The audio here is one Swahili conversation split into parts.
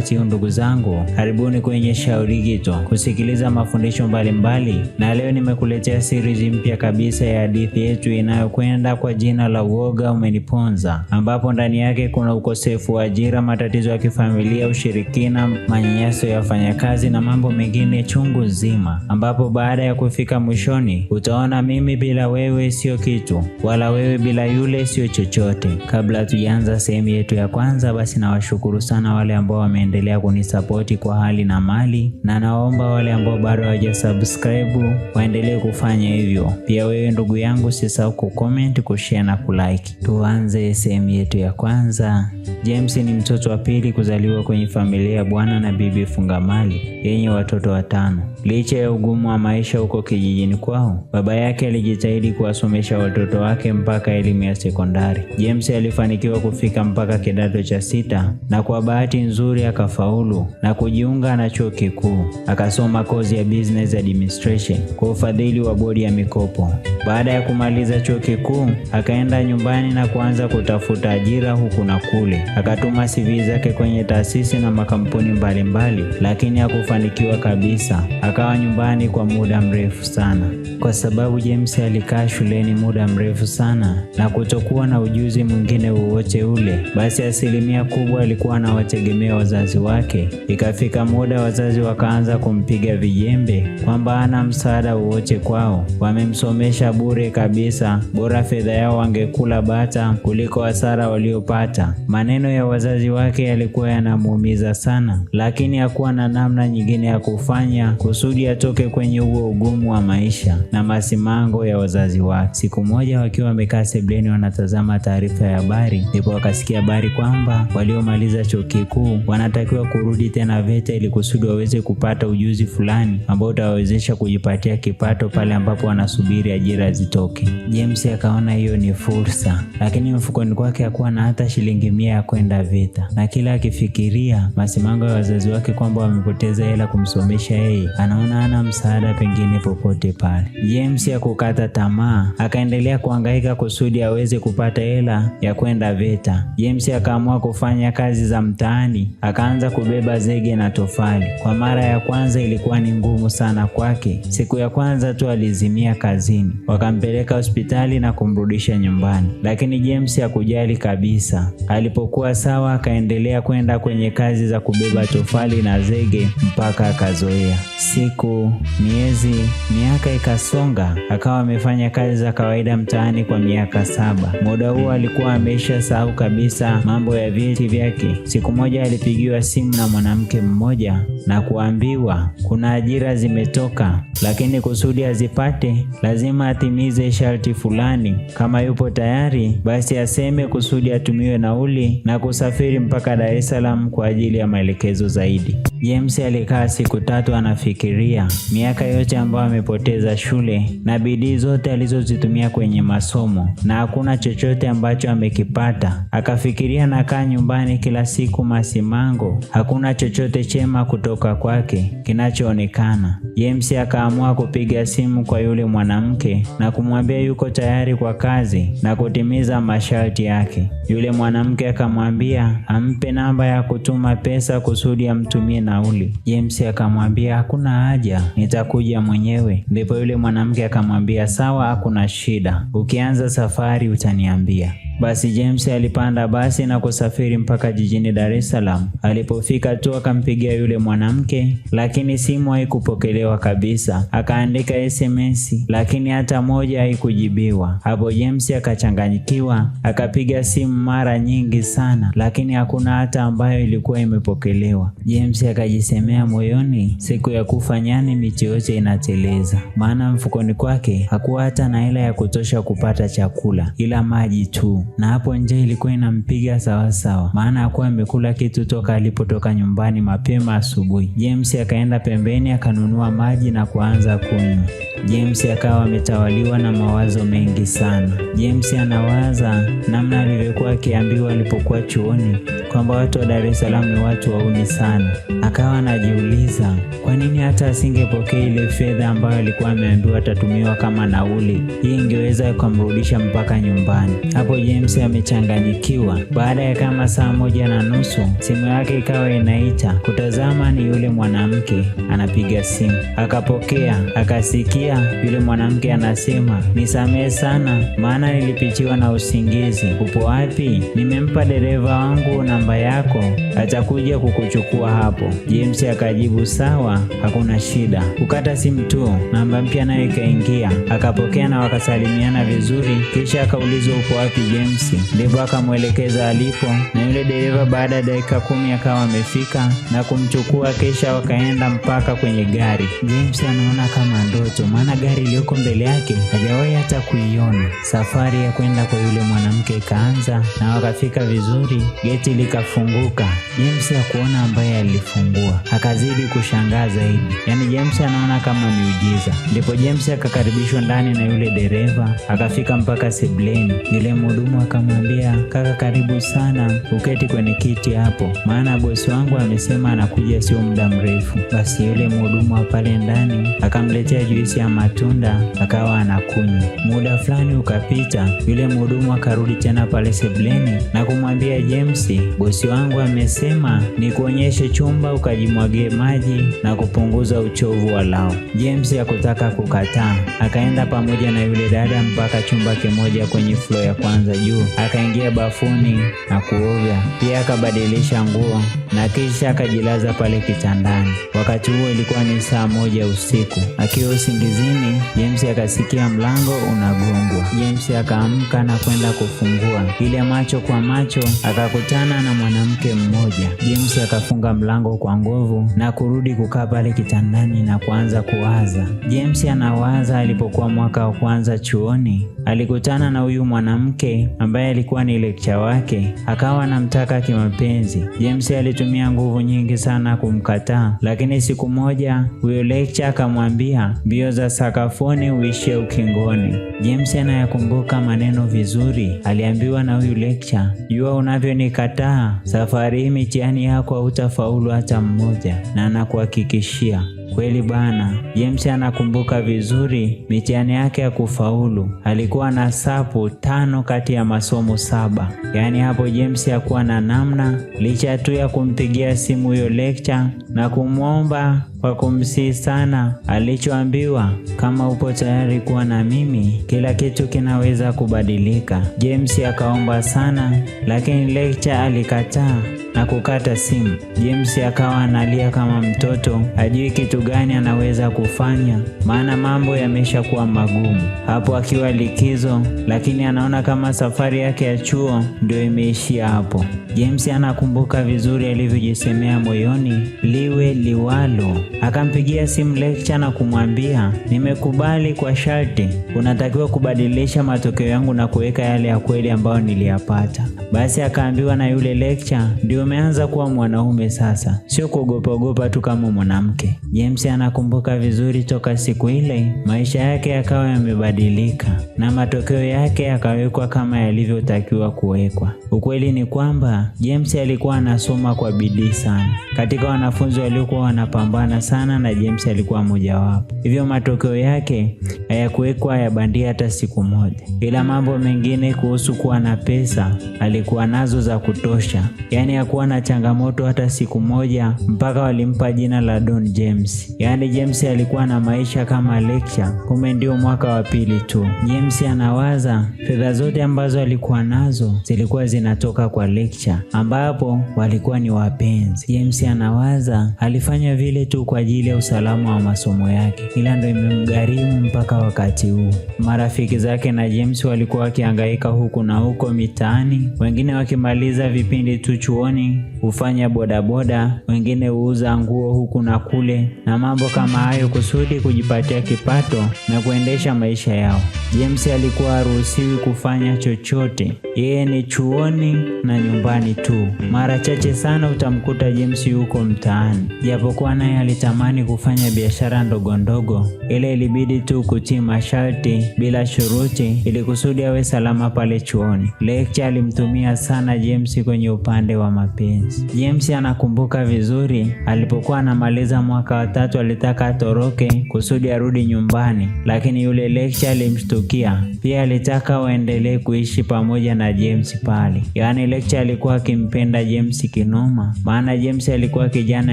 wakati huu, ndugu zangu, karibuni kwenye Shauri Gito kusikiliza mafundisho mbalimbali mbali. Na leo nimekuletea series mpya kabisa ya hadithi yetu inayokwenda kwa jina la Uoga Umeniponza, ambapo ndani yake kuna ukosefu wa ajira, matatizo ya kifamilia, ushirikina, manyanyaso ya wafanyakazi na mambo mengine chungu nzima, ambapo baada ya kufika mwishoni utaona mimi bila wewe sio kitu, wala wewe bila yule sio chochote. Kabla tujaanza sehemu yetu ya kwanza, basi nawashukuru sana wale ambao wame anaendelea kunisapoti kwa hali na mali, na naomba wale ambao bado hawajasubscribe waendelee kufanya hivyo. Pia wewe ndugu yangu, usisahau kucomment, kushare na kulike. Tuanze sehemu yetu ya kwanza. James ni mtoto wa pili kuzaliwa kwenye familia ya bwana na bibi fungamali yenye watoto watano. Licha ya ugumu wa maisha huko kijijini kwao, baba yake alijitahidi kuwasomesha watoto wake mpaka elimu ya sekondari. James alifanikiwa kufika mpaka kidato cha sita na kwa bahati nzuri akafaulu na kujiunga na chuo kikuu. Akasoma kozi ya business administration kwa ufadhili wa bodi ya mikopo. Baada ya kumaliza chuo kikuu, akaenda nyumbani na kuanza kutafuta ajira huku na kule. Akatuma CV zake kwenye taasisi na makampuni mbalimbali mbali, lakini hakufanikiwa kabisa. Akawa nyumbani kwa muda mrefu sana, kwa sababu James alikaa shuleni muda mrefu sana na kutokuwa na ujuzi mwingine wowote ule. Basi asilimia kubwa alikuwa anawategemea wazazi wake. Ikafika muda wazazi wakaanza kumpiga vijembe kwamba hana msaada wowote kwao, wamemsomesha bure kabisa, bora fedha yao wangekula bata kuliko hasara waliopata. Maneno maneno ya wazazi wake yalikuwa yanamuumiza sana, lakini hakuwa na namna nyingine ya kufanya kusudi atoke kwenye huo ugumu wa maisha na masimango ya wazazi wake. Siku moja wakiwa wamekaa sebleni wanatazama taarifa ya habari, ndipo wakasikia habari kwamba waliomaliza chuo kikuu wanatakiwa kurudi tena VETA ili kusudi waweze kupata ujuzi fulani ambao utawawezesha kujipatia kipato pale ambapo wanasubiri ajira zitoke. James akaona hiyo ni fursa, lakini mfukoni kwake hakuwa na hata shilingi mia kwenda vita, na kila akifikiria masimango ya wazazi wake kwamba wamepoteza hela kumsomesha yeye, anaona hana msaada pengine popote pale. James kukata tamaa, akaendelea kuhangaika kusudi aweze kupata hela ya kwenda vita. James akaamua kufanya kazi za mtaani, akaanza kubeba zege na tofali. Kwa mara ya kwanza ilikuwa ni ngumu sana kwake. Siku ya kwanza tu alizimia kazini, wakampeleka hospitali na kumrudisha nyumbani, lakini James hakujali kabisa. alipokuwa hakuwa sawa, akaendelea kwenda kwenye kazi za kubeba tofali na zege mpaka akazoea. Siku, miezi, miaka ikasonga, akawa amefanya kazi za kawaida mtaani kwa miaka saba. Muda huo alikuwa ameisha sahau kabisa mambo ya vyeti vyake. Siku moja alipigiwa simu na mwanamke mmoja na kuambiwa kuna ajira zimetoka, lakini kusudi azipate lazima atimize sharti fulani. Kama yupo tayari, basi aseme kusudi atumiwe nauli na kusafiri mpaka Dar es Salaam kwa ajili ya maelekezo zaidi. James alikaa siku tatu anafikiria miaka yote ambayo amepoteza shule na bidii zote alizozitumia kwenye masomo na hakuna chochote ambacho amekipata. Akafikiria nakaa nyumbani kila siku masimango, hakuna chochote chema kutoka kwake kinachoonekana. James akaamua kupiga simu kwa yule mwanamke na kumwambia yuko tayari kwa kazi na kutimiza masharti yake. Yule mwanamke akamwambia akamwambia ampe namba ya kutuma pesa kusudi amtumie nauli. James akamwambia hakuna haja, nitakuja mwenyewe. Ndipo yule mwanamke akamwambia sawa, hakuna shida, ukianza safari utaniambia. Basi James alipanda basi na kusafiri mpaka jijini Dar es Salaam. Alipofika tu akampigia yule mwanamke, lakini simu haikupokelewa kabisa. Akaandika SMS, lakini hata moja haikujibiwa. Hapo James akachanganyikiwa, akapiga simu mara nyingi sana, lakini hakuna hata ambayo ilikuwa imepokelewa. James akajisemea moyoni, siku ya kufa nyani miti yote inateleza, maana mfukoni kwake hakuwa hata na hela ya kutosha kupata chakula, ila maji tu na hapo nje ilikuwa inampiga sawasawa, maana hakuwa amekula kitu toka alipotoka nyumbani mapema asubuhi. James akaenda pembeni akanunua maji na kuanza kunywa. James akawa ametawaliwa na mawazo mengi sana. James anawaza namna alivyokuwa akiambiwa alipokuwa chuoni kwamba watu wa Dar es Salaam ni watu wauni sana. Akawa anajiuliza kwa nini hata asingepokea ile fedha ambayo alikuwa ameambiwa atatumiwa kama nauli, hii ingeweza kumrudisha mpaka nyumbani. Hapo James James amechanganyikiwa. Baada ya kama saa moja na nusu, simu yake ikawa inaita. Kutazama ni yule mwanamke anapiga simu, akapokea, akasikia yule mwanamke anasema, nisamehe sana, maana nilipitiwa na usingizi. Upo wapi? Nimempa dereva wangu namba yako, atakuja kukuchukua hapo. James akajibu sawa, hakuna shida. Kukata simu tu, namba mpya nayo ikaingia, akapokea na wakasalimiana vizuri, kisha akaulizwa upo wapi James Hamsi. Ndipo akamwelekeza alipo, na yule dereva baada ya dakika kumi akawa amefika na kumchukua, kisha wakaenda mpaka kwenye gari. James anaona kama ndoto, maana gari iliyoko mbele yake hajawahi hata kuiona. Safari ya kwenda kwa yule mwanamke ikaanza na wakafika vizuri, geti likafunguka. James hakuona ambaye alifungua, akazidi kushangaa zaidi, yaani James anaona kama miujiza. Ndipo James akakaribishwa ndani na yule dereva, akafika mpaka sebleni. Yule mhudumu mwalimu akamwambia, kaka, karibu sana, uketi kwenye kiti hapo, maana bosi wangu amesema anakuja sio muda mrefu. Basi yule mhudumu wa pale ndani akamletea juisi ya matunda akawa anakunywa. Muda fulani ukapita, yule mhudumu akarudi tena pale sebuleni na kumwambia James, bosi wangu amesema nikuonyeshe chumba ukajimwagie maji na kupunguza uchovu walao. James hakutaka kukataa, akaenda pamoja na yule dada mpaka chumba kimoja kwenye floor ya kwanza juu, akaingia bafuni na kuoga, pia akabadilisha nguo na kisha akajilaza pale kitandani. Wakati huo ilikuwa ni saa moja usiku. Akiwa usingizini, James akasikia mlango unagongwa. James akaamka na kwenda kufungua, ile macho kwa macho akakutana na mwanamke mmoja. James akafunga mlango kwa nguvu na kurudi kukaa pale kitandani na kuanza kuwaza. James anawaza alipokuwa mwaka wa kwanza chuoni Alikutana na huyu mwanamke ambaye alikuwa ni lecture wake, akawa anamtaka kimapenzi. James alitumia nguvu nyingi sana kumkataa, lakini siku moja huyo lecture akamwambia mbio za sakafuni huishie ukingoni. James anayakumbuka maneno vizuri, aliambiwa na huyu lecture, jua unavyonikataa, safari hii mitihani yako hautafaulu hata mmoja, na anakuhakikishia Kweli bwana, James anakumbuka vizuri mitihani yake ya kufaulu. Alikuwa na sapu tano kati ya masomo saba. Yaani hapo James hakuwa na namna, licha tu ya kumpigia simu hiyo lecture na kumwomba kwa kumsihi sana alichoambiwa. Kama upo tayari kuwa na mimi, kila kitu kinaweza kubadilika. James akaomba sana, lakini lecture alikataa na kukata simu. James akawa analia kama mtoto, hajui kitu gani anaweza kufanya, maana mambo yameshakuwa magumu. Hapo akiwa likizo, lakini anaona kama safari yake ya chuo ndio imeishia hapo. James anakumbuka vizuri alivyojisemea moyoni, liwe liwalo, Akampigia simu lecture na kumwambia, nimekubali kwa sharti unatakiwa kubadilisha matokeo yangu na kuweka yale ya kweli ambayo niliyapata. Basi akaambiwa na yule lecture, ndio umeanza kuwa mwanaume sasa, sio kuogopaogopa tu kama mwanamke. James anakumbuka vizuri, toka siku ile maisha yake yakawa yamebadilika na matokeo yake yakawekwa kama yalivyotakiwa kuwekwa. Ukweli ni kwamba James alikuwa anasoma kwa bidii sana. Katika wanafunzi waliokuwa wanapambana sana na James alikuwa mojawapo. Hivyo matokeo yake hayakuwekwa ya bandia hata siku moja, ila mambo mengine kuhusu kuwa na pesa alikuwa nazo za kutosha, yaani hakuwa na changamoto hata siku moja, mpaka walimpa jina la Don James. Yaani James alikuwa na maisha kama lecture, kumbe ndio mwaka wa pili tu. James anawaza fedha zote ambazo alikuwa nazo zilikuwa zinatoka kwa lecture, ambapo walikuwa ni wapenzi. James anawaza alifanya vile tu kwa ajili ya usalama wa masomo yake, ila ndo imemgharimu mpaka wakati huu. Marafiki zake na James walikuwa wakihangaika huku na huko mitaani, wengine wakimaliza vipindi tu chuoni hufanya bodaboda, wengine huuza nguo huku na kule na mambo kama hayo, kusudi kujipatia kipato na kuendesha maisha yao. James alikuwa haruhusiwi kufanya chochote, yeye ni chuoni na nyumbani tu. Mara chache sana utamkuta James yuko mtaani, japokuwa naye nilitamani kufanya biashara ndogo ndogo, ile ilibidi tu kutii masharti bila shuruti, ili kusudi awe salama pale chuoni. Lecture alimtumia sana James kwenye upande wa mapenzi. James anakumbuka vizuri alipokuwa anamaliza mwaka wa tatu, alitaka atoroke kusudi arudi nyumbani, lakini yule lecture alimshtukia. Pia alitaka waendelee kuishi pamoja na James pale, yaani lecture alikuwa akimpenda James kinoma, maana James alikuwa kijana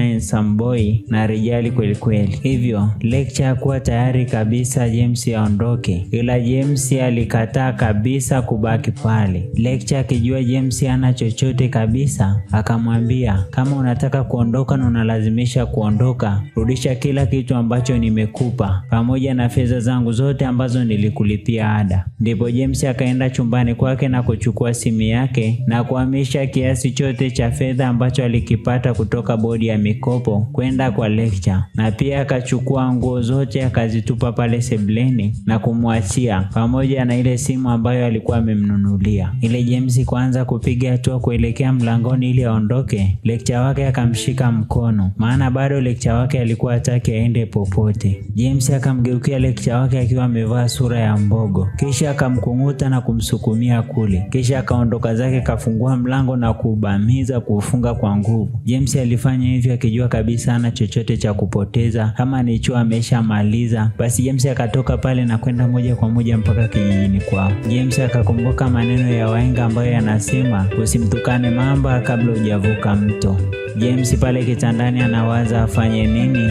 handsome boy na anaijali kweli kweli. Hivyo lecture kuwa tayari kabisa James aondoke, ila James alikataa kabisa kubaki pale. Lecture akijua James ana chochote kabisa, akamwambia kama unataka kuondoka na unalazimisha kuondoka, rudisha kila kitu ambacho nimekupa pamoja na fedha zangu zote ambazo nilikulipia ada. Ndipo James akaenda chumbani kwake na kuchukua simu yake na kuhamisha kiasi chote cha fedha ambacho alikipata kutoka bodi ya mikopo kwenda kwa lecture, na pia akachukua nguo zote akazitupa pale sebleni na kumwachia pamoja na ile simu ambayo alikuwa amemnunulia. Ile James kuanza kupiga hatua kuelekea mlangoni ili aondoke, lecture wake akamshika mkono, maana bado lecture wake alikuwa hataki aende popote. James akamgeukia lecture wake akiwa amevaa sura ya mbogo, kisha akamkunguta na kumsukumia kule, kisha akaondoka zake, kafungua mlango na kuubamiza kuufunga kwa nguvu. James alifanya hivyo akijua kabisa ana chochote chochote cha kupoteza, kama ni chuo ameshamaliza. Basi James akatoka pale na kwenda moja kwa moja mpaka kijijini kwao. James akakumbuka maneno ya wahenga ambayo yanasema usimtukane mamba kabla hujavuka mto. James pale kitandani anawaza afanye nini,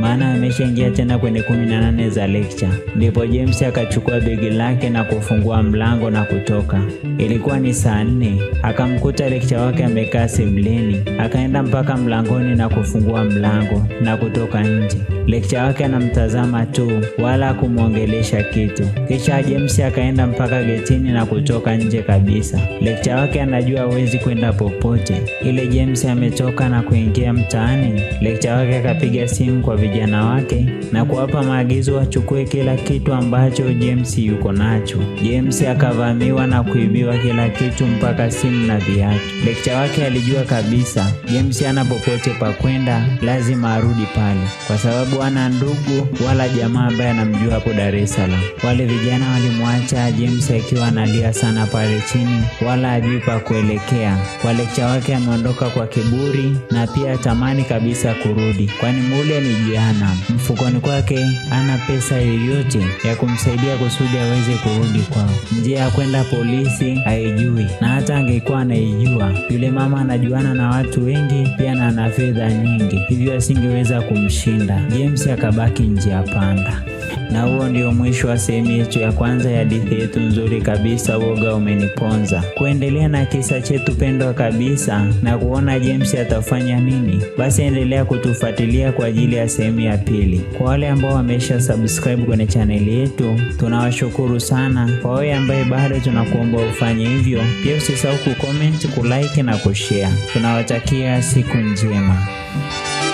maana ameshaingia tena kwenye kumi na nane za lecture. Ndipo James akachukua begi lake na kufungua mlango na kutoka. Ilikuwa ni saa nne. Akamkuta lecture wake amekaa sebuleni, akaenda mpaka mlangoni na kufungua mlango na kutoka nje. Lekcha wake anamtazama tu wala kumwongelesha kitu. Kisha James akaenda mpaka getini na kutoka nje kabisa. Lekcha wake anajua hawezi kwenda popote. Ile James ametoka na kuingia mtaani, lekcha wake akapiga simu kwa vijana wake na kuwapa maagizo wachukue kila kitu ambacho James yuko nacho. James akavamiwa na kuibiwa kila kitu mpaka simu na viatu. Lekcha wake alijua kabisa James ana popote pa kwenda, lazima arudi pale kwa sababu bwana ndugu wala jamaa ambaye anamjua hapo Dar es Salaam. Wale vijana walimwacha James akiwa analia sana pale chini, wala hajui pa kuelekea. Walekcha wake ameondoka kwa kiburi na pia tamani kabisa kurudi, kwani mule ni jana Mfukoni kwake ana pesa yoyote ya kumsaidia kusudi aweze kurudi kwao. Njia ya kwenda polisi haijui, na hata angekuwa anaijua, yule mama anajuana na watu wengi pia na ana fedha nyingi, hivyo asingeweza kumshinda James James akabaki njia ya panda. Na huo ndio mwisho wa sehemu yetu ya kwanza ya hadithi yetu nzuri kabisa, Woga Umeniponza. Kuendelea na kisa chetu pendwa kabisa na kuona James atafanya nini, basi endelea kutufuatilia kwa ajili ya sehemu ya pili. Kwa wale ambao wamesha subscribe kwenye chaneli yetu, tunawashukuru sana. Kwa wale ambaye bado, tunakuomba ufanye hivyo pia. Usisahau kucomment, kulike na kushare. Tunawatakia siku njema.